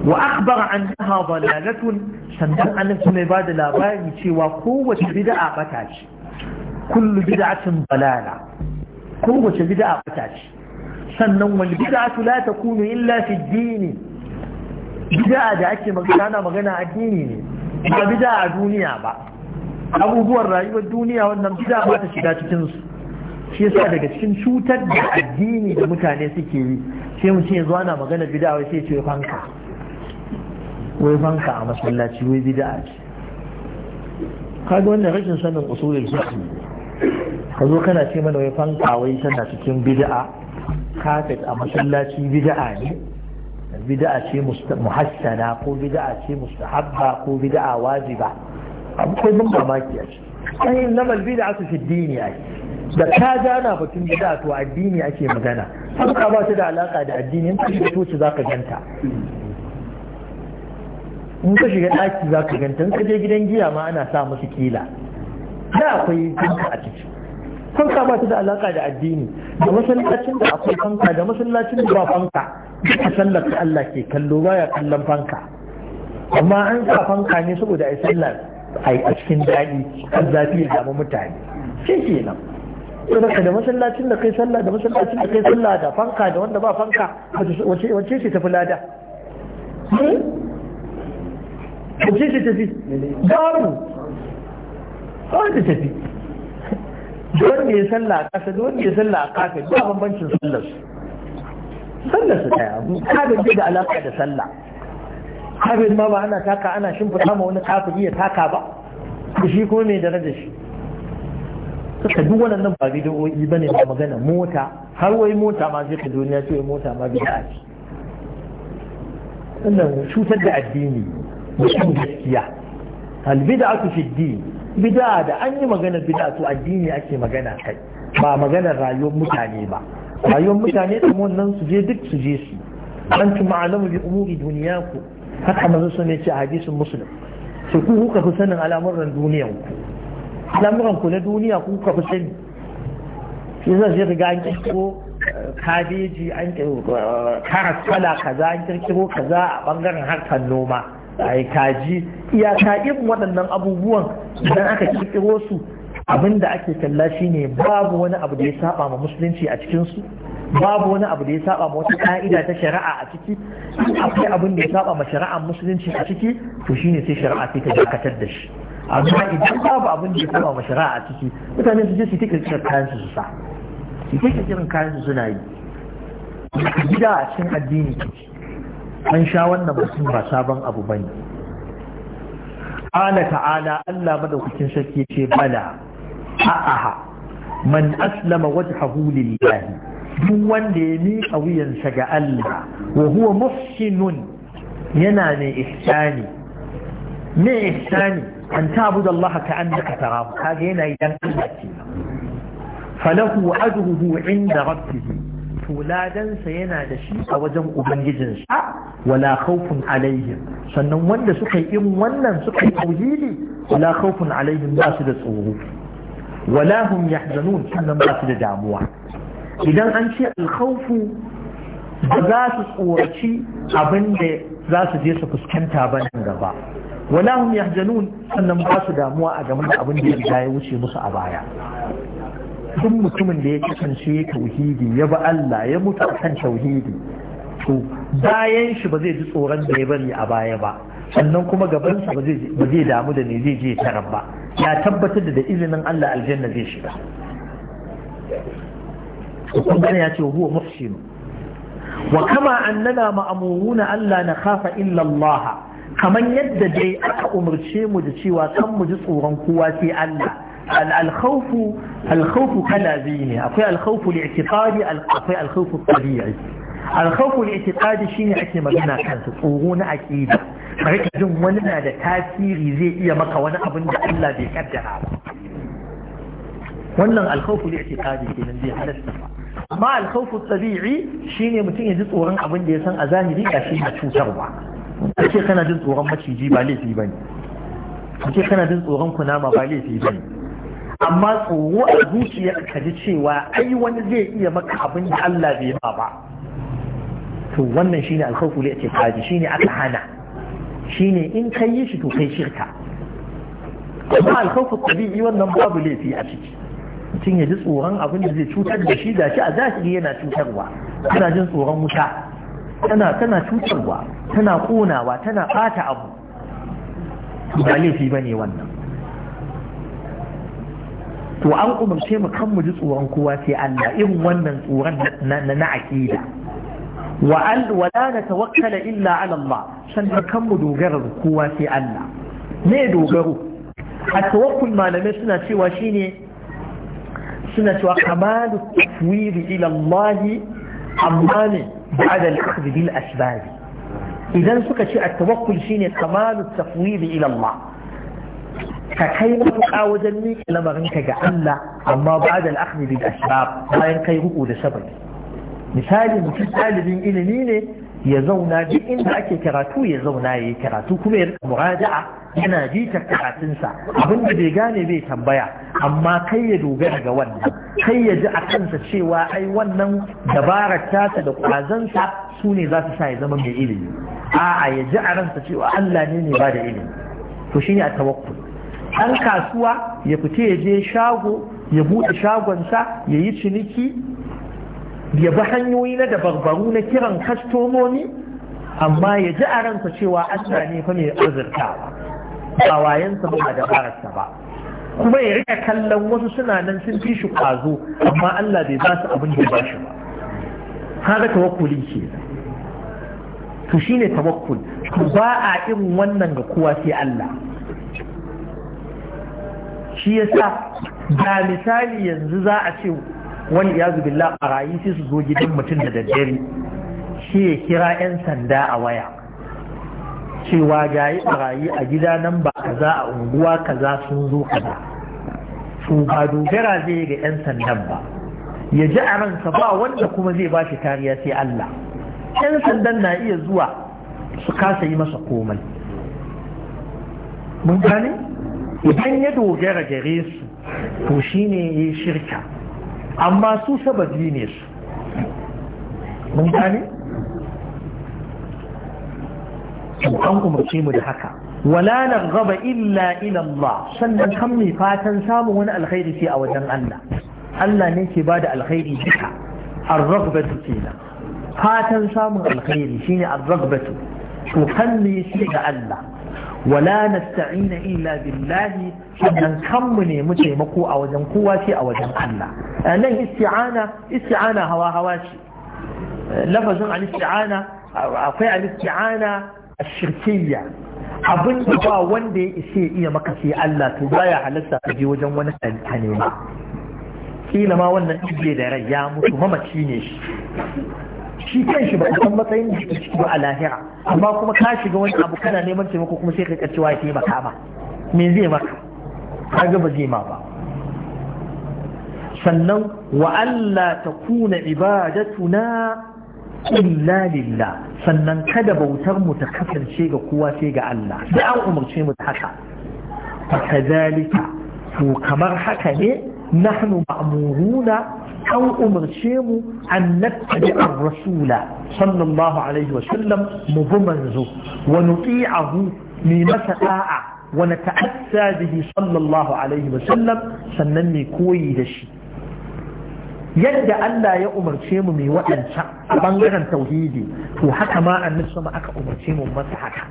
wa akhbara annaha dalalatun sannan annabi mai bada labari cewa kowace bid'a bata ce kullu bid'atin dalala kowace bid'a bata ce sannan wal bid'atu la takunu illa fi dini, din bid'a da ake magana magana addini ne ba bida a duniya ba abubuwan rayuwar duniya wannan bida ba ta shiga cikinsu shi yasa daga cikin cutar da addini da mutane suke yi sai mu ce yanzu ana magana bida wai sai ce fanka wai fanka a masallaci wai bida ce kaga wannan rashin sanin usulul fiqh ka zo kana ce mana wai fanka wai tana cikin bid'a kafet a masallaci bid'a ne bid'a ce muhassana ko bid'a ce mustahabba ko bid'a wajiba akwai mun mamaki a ciki ai namal bid'a su fi dini ai da ka gana batun bid'a to addini ake magana sun ka ba ta da alaka da addini in ka shiga toci zaka ganta in ka shiga daki zaka ganta in ka je gidan giya ma ana sa musu kila da akwai dinka a ciki fanka ba ta da alaka da addini da masallacin da akwai fanka da masallacin da ba fanka duka sallar da Allah ke kallo baya kallon fanka amma an sa fanka ne saboda yi sallar ai a cikin daɗi a zafi ya damu mutane shi kenan saboda da masallacin da kai sallah da masallacin da kai sallah da fanka da wanda ba fanka wace wace ce tafi lada hmm? wace ce tafi babu ba ta tafi don da ya sallah a ƙasa don da ya sallah a kafin ba bambancin sallar su sallar su daya kafin bai da alaƙa da sallah kafin ma ba ana taka ana shimfiɗa ma wani kafin iya taka ba da shi kuma mai dare da shi suka duk nan ba bidiyoyi ba ne da magana mota har wai mota ma zai ka duniya ce mota ma bida ce wannan cutar da addini mutum gaskiya albida aku fi addini bid'a da an yi magana bid'a to addini ake magana kai ba maganar rayuwar mutane ba rayuwar mutane kuma wannan su je duk su je su antum ma'alamu bi umuri dunyaku haka manzo sun ce hadisin muslim su ku kuka fi sanin al'amuran duniyan ku al'amuran ku na duniya ku kuka fi sani shi zai shi ga an kirkiro eh, kabeji an kirkiro eh, karas kala kaza an kirkiro kaza a bangaren harkar noma ai kaji iyaka irin waɗannan abubuwan idan aka kirkiro su abin da ake kalla shine babu wani abu da ya saba ma musulunci a cikin su babu wani abu da ya saba ma wata ka'ida ta shari'a a ciki akwai abin da ya saba ma shari'ar musulunci a ciki to shine sai shari'a sai ta dakatar da shi amma idan babu abin da ya saba ma shari'a a ciki mutane su je su tike kiran kayan su sa su tike kiran kayan su suna yi gida a cikin addini an sha wannan mutum ba sabon abu bane ala ta'ala Allah madaukakin sarki ce bala a'aha man aslama wajhahu lillahi duk wanda ya miƙa wuyansa ga Allah wa huwa muhsinun yana ne ihsani Me ihsani an tabu da Allah ka tarahu kaga yana yi dan Allah ce falahu ajruhu inda rabbihi to yana da shi a wajen ubangijinsa wala khawfun alaihim sannan wanda suka yi in wannan suka yi tauhidi wala khawfun alaihim ba su da tsoro wala hum yahzanun sannan ba su da damuwa idan an ce alkhawfu ba za su tsoraci abin da za su je su fuskanta ba nan gaba wala hum yahzanun sannan ba su damuwa a game da abin da ya wuce musu a baya duk mutumin da ya kasance tauhidi ya ba Allah ya mutu a kan tauhidi to bayan shi ba zai ji tsoron da ya bari a baya ba sannan kuma gaban sa ba zai damu da ne zai je tarar ba ya tabbatar da izinin Allah aljanna zai shiga kun gane ya ce huwa muhsinu wa kama annana ma'amuruna Allah na khafa illa Allah kaman yadda dai aka umarce mu da cewa kan mu ji tsoron kowa sai Allah alkhawfu alkhawfu kala biyu ne akwai alkhawfu li'tiqadi akwai alkhawfu tabi'i alkhawfu li'tiqadi shine ake magana kansa tsoro na aqida rika jin wani na da tasiri zai iya maka wani abin da Allah bai kaddara ba wannan alkhawfu ke nan zai halatta amma alkhawfu tabi'i shine mutum ya ji tsoron abin da ya san a zahiri ga shi na cutarwa kace kana jin tsoron maciji ba laifi bane kace kana jin tsoron kunama ba laifi bane amma tsoro a zuciya ka ji cewa ai wani zai iya maka abin da Allah bai ma ba to wannan shine alkhawfu li kaji shine aka hana shine in kai yi shi to kai shirka amma alkhawfu tabi'i wannan babu laifi a ciki tun ya ji tsoron abin da zai cutar da shi shi a zahiri yana cutarwa kana jin tsoron wuta tana tana cutarwa tana konawa tana bata abu ba laifi bane wannan to an umarce mu kan mu ji tsoron kowa sai Allah irin wannan tsoron na aqida wa an wala tawakkala illa ala Allah sannan kan mu dogara da kowa sai Allah me dogaro a tawakkul malamai suna cewa shine suna cewa kamalu tafwiri ila Allah amma ne ba'da al-akhdh bil asbab idan suka ce at-tawakkul shine kamalu tafwiri ila Allah ka kai matuƙa wajen miƙe lamarinka ga Allah amma ba da al'akhmi bil asbab bayan kai ruku da sabai misali mutum ɗalibin ilimi ne ya zauna duk inda ake karatu ya zauna ya yi karatu kuma ya rika muraja'a yana jitar karatunsa abin da bai gane bai tambaya amma kai ya dogara ga wannan kai ya ji a kansa cewa ai wannan dabarar tasa da kwazansa su ne za su sa ya zama mai ilimi a'a ya ji a ransa cewa Allah ne ne ba da ilimi to shine a tawakkul ɗan kasuwa ya fita ya je shago ya buɗe shagonsa ya yi ciniki ya bi hanyoyi na dabarbaru na kiran kastomomi amma ya ji a ransa cewa Allah ne fa mai arzurtawa ba wayansa ba dabararsa ba kuma ya rika kallon wasu suna nan sun fi shi kwazo amma Allah bai ba su abin da ba shi ba kaga tawakkuli ke to shine tawakkul ba a irin wannan ga kowa sai Allah shi ya sa da misali yanzu za a ce wani ya zubi barayi sai su zo gidan mutum da daddare shi ya kira 'yan sanda a waya cewa yi barayi a gida nan ba kaza a unguwa kaza sun zo kaza su ba dogara zai ga 'yan sandan ba ya ji a ransa ba wanda kuma zai ba shi kariya sai Allah 'yan sandan na iya zuwa su kasa yi masa komai mun gane? idan ya dogara gare su to shine ya shirka amma su sababi ne su mun gane an umarci mu da haka wala raba illa ila sannan kan mai fatan samun wani alkhairi ce a wajen Allah Allah ne ke bada alkhairi duka ar-raghbatu kenan fatan samun alkhairi shine ar to kan ne shi ga Allah wala nasta'ina illa billahi sannan ne mu taimako a wajen kowa ce a wajen Allah nan isti'ana isti'ana hawa hawa ce lafazin al-isti'ana akwai al-isti'ana ash-shirkiyya abin da ba wanda ya ishe iya maka sai Allah to baya halatta ka je wajen wani ka nema kila ma wannan ibe da rai ya mutu mamaci ne shi shi kan shi ba san matsayin da ciki ba a lahira amma kuma ka shiga wani abu kana neman taimako kuma sai ka karci wa ke maka ba me zai maka kaga ba zai ma ba sannan wa Allah ta kuna ibadatuna illa lillah sannan kada bautar mu ta kasance ga kowa sai ga Allah da an umarce mu haka kazalika kadalika to kamar haka ne nahnu ma'muruna an umarce mu an nattabi an rasula sallallahu alaihi wa sallam mu bi manzo wa nuti'ahu mi masa da'a wa nata'assa bihi sallallahu alaihi wa sallam sannan mi koyi da shi yadda Allah ya umarce mu mai waɗancan a bangaren tauhidi to haka ma annabi sama aka umarce mu masa haka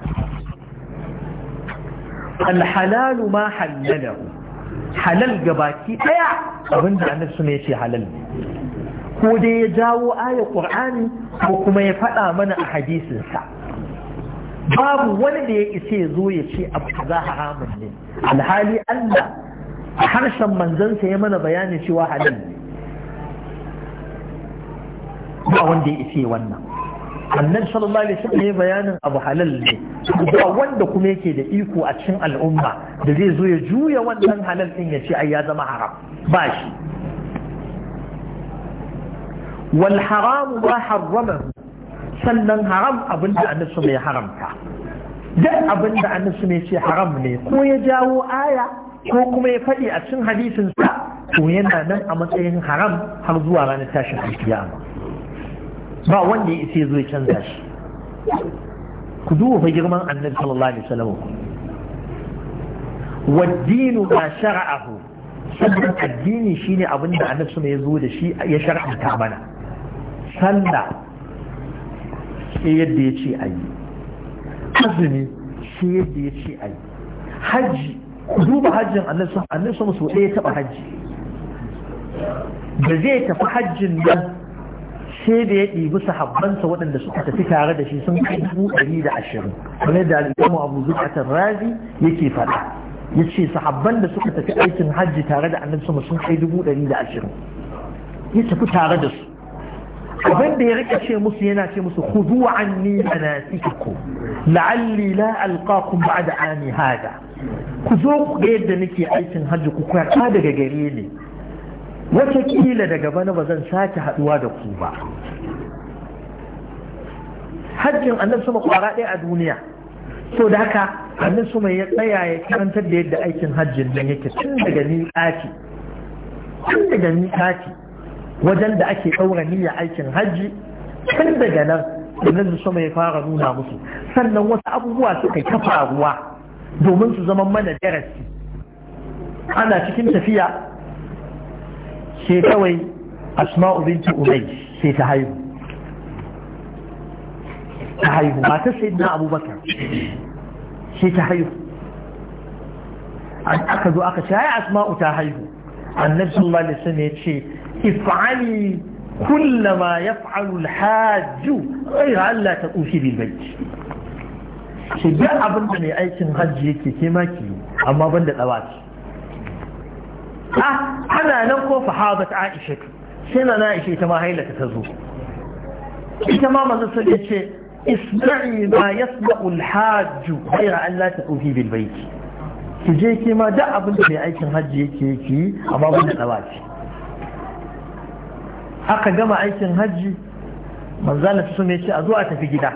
al halalu ma halal gabaki daya abinda annabi sun yace halal ko dai ya jawo aya qur'ani ko kuma ya faɗa mana a hadisin sa babu wani da ya isa ya zo ya ce abu kaza haramun ne alhali Allah a harshen manzansa ya mana bayani cewa halal ne ba wanda ya isa wannan annabi sallallahu alaihi wasallam ya bayanin abu halal ne ba wanda kuma yake da iko a cikin al'umma da zai zo ya juya wannan halal din ya ce ai ya zama haram ba shi wal haramu ma harrama sannan haram abinda annabi mai haramta duk abinda annabi mai ce haram ne ko ya jawo aya ko kuma ya faɗi a cikin hadisin sa to yana nan a matsayin haram har zuwa ranar tashin alkiyama ba wanda ya isa zai canza shi ku duba fa girman annabi sallallahu alaihi wasallam waddinu ma shara'ahu sannan addini shine abin da annabi sama ya zo da shi ya shar'anta mana sallah sai yadda ya ce ayi azumi sai yadda ya ce ayi Ku duba hajjin annabi sama annabi sama so ɗaya taɓa hajji da zai tafi hajjin nan sai da ya ɗibi sahabbansa waɗanda suka tafi tare da shi sun kai dubu ɗari da ashirin kamar da al'umma abu zukatar razi yake faɗa ya ce sahabban da suka tafi aikin hajji tare da annabi sama sun kai dubu ɗari da ashirin ya tafi tare da su abin da ya rika ce musu yana ce musu khudu anni manasikakum la'alli la ba da ami hada ku zo ku ga yadda nake aikin hajji ku karɓa daga gare ne watakila daga bana ba zan sake haduwa da ku ba hajjin annabi sama kwara ɗaya a duniya to da haka annabi sama ya tsaya ya karantar da yadda aikin hajjin nan yake tun daga miƙati tun daga miƙati wajen da ake ɗaura niyyar aikin hajji tun daga nan annabi sama ya fara nuna musu sannan wasu abubuwa suka kafa ruwa domin su zama mana darasi ana cikin tafiya sai kawai asma'u binti umay sai ta haihu ta haihu mata sai sayyidina abubakar sai ta haihu an aka zo aka ce ai asma'u ta haihu annabi sallallahu alaihi wasallam ya ce if'ali kullama yaf'alu al-hajj ghayra an la taqushi bil bayt shi duk abin da mai aikin hajji yake ke maki amma banda tsawaci a ah, hana nan ko ta aisha sai na aisha ita ma hailata ta zo ita ma manzo sai ce isma'i ma yasma'u al-hajj ghayra an la tatufi bil ki je ki ma da abin da mai aikin hajji yake yake amma ban da tsawaci aka gama aikin hajji manzana su ne ce a zo a tafi gida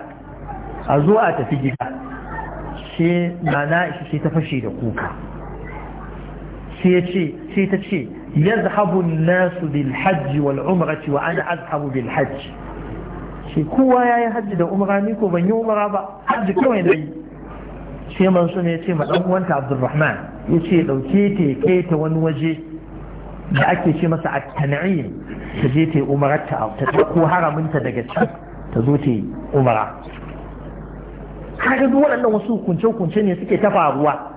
a zo a tafi gida sai na ishi ishe ta fashe da kuka shi ta ce ya zahabun nasu bil hajji wal umra wa ana azhabu bil hajji shi kowa ya yi hajji da umra ko ban yi umra ba hajji kawai da yi sai man su ne ma dan uwanta abdurrahman ya ce dauke ta kai ta wani waje da ake ce masa at-tan'im ta je ta umra ta ta ko haramin daga can ta zo ta umra kaga duk waɗannan wasu hukunce hukunce ne suke ta faruwa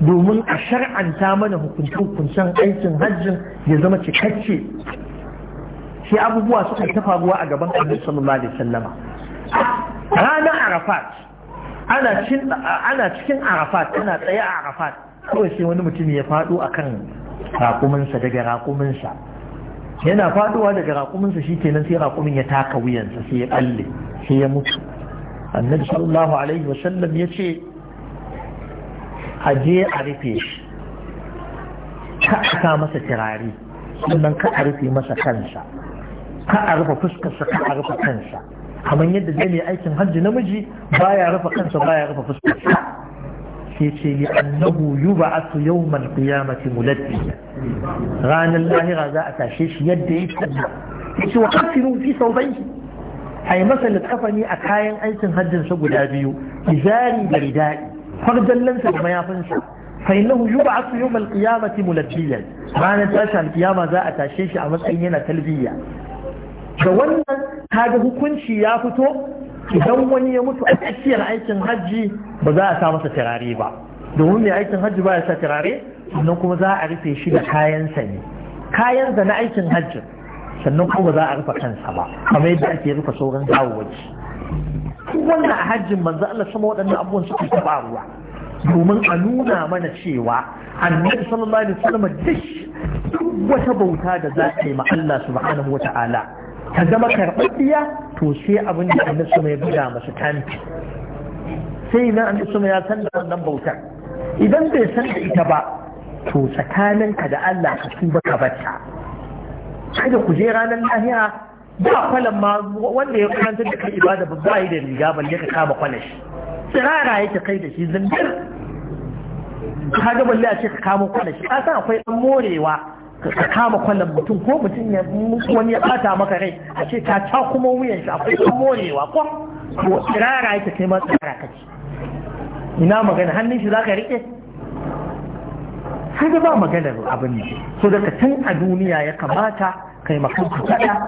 domin a shar'anta mana hukuncin-hukuncin aikin hajjin ya zama cikakke sai abubuwa suka ta faruwa a gaban annabi sallallahu alaihi sallama ranar arafat ana cikin arafat ana tsaye a arafat kawai sai wani mutum ya faɗo akan raƙuminsa daga raƙuminsa yana faɗowa daga raƙuminsa shi kenan sai rakumin ya taka wuyansa sai ya ɓalle sai ya mutu annabi sallallahu alaihi wasallam ya ce a je a rufe shi ka a sa masa turare sannan ka a rufe masa kansa ka a rufe fuskarsa ka a rufe kansa kamar yadda zai mai aikin hajji namiji baya rufe kansa baya rufe fuskarsa sai ce li annahu yub'athu yawmal qiyamati muladdiya ranar lahira za a tashe shi yadda ya tsalla yace wa kafiru fi sawbayhi ai masa litafani a kayan aikin hajjin sa guda biyu izari da ridai farjallansa da mayafinsa fa innahu yub'athu yawm al-qiyamati mulabbiyan ranar tashin al za a tashe shi a matsayin yana talbiya da wannan kaga hukunci ya fito idan wani ya mutu a tsakiyar aikin hajji ba za a sa masa turare ba domin mai aikin hajji ba ya sa turare sannan kuma za a rufe shi da kayansa ne kayan da na aikin hajji sannan kuma za a rufe kansa ba kamar yadda ake rufe sauran gawawwaci wannan a hajjin manzo Allah sama waɗannan abubuwan suke taba domin a nuna mana cewa annabi sallallahu alaihi wasallam duk wata bauta da za ta yi ma Allah subhanahu wata'ala ta zama karɓaɗɗiya to sai abin da annabi sama ya buga masa tanti sai idan annabi sama ya san da wannan bautar idan bai san da ita ba to tsakaninka da Allah ka tuba ka bata kada ku je ranar lahira ba kwalan ma wanda ya karanta da kai ibada ba ba yi da riga balle ka kama kwalan shi tsirara yake kai da shi zindir ka ga balle a ce ka kama kwalan shi kasan akwai dan morewa ka kama kwalan mutum ko mutum ya wani ya bata maka rai a ce ta ta kuma wuyan shi akwai dan morewa ko to tsirara yake kai ma tsirara kace ina magana hannun shi za ka riƙe kaga ba maganar abin ne so daga tun a duniya ya kamata kai makon kaɗa.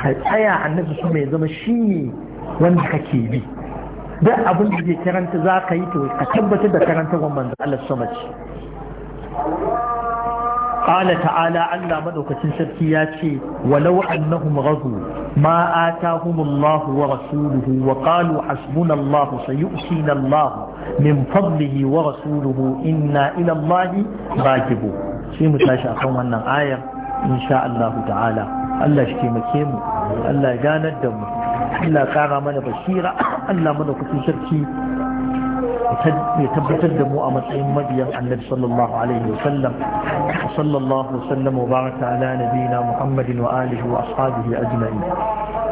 ka tsaya annabi su mai zama shi ne wanda kake bi duk abin da ke karanta za ka yi to ka tabbatar da karantarwar manzo Allah sama ce قال تعالى ألا مدوكة سبكياتي ولو أنهم غزوا ما آتاهم الله ورسوله وقالوا حسبنا الله سيؤتينا الله من فضله ورسوله إنا إلى الله راجبون شيء متاشا أخوان آية إن شاء الله تعالى Allah shi taimake mu Allah ganar da mu Allah kara mana basira Allah mana kuɗin sarki ya tabbatar da mu a matsayin mabiyan annabi sallallahu alaihi wa sallam sallallahu wa sallam wa baraka ala nabiyina muhammadin wa alihi wa ashabihi ajma'in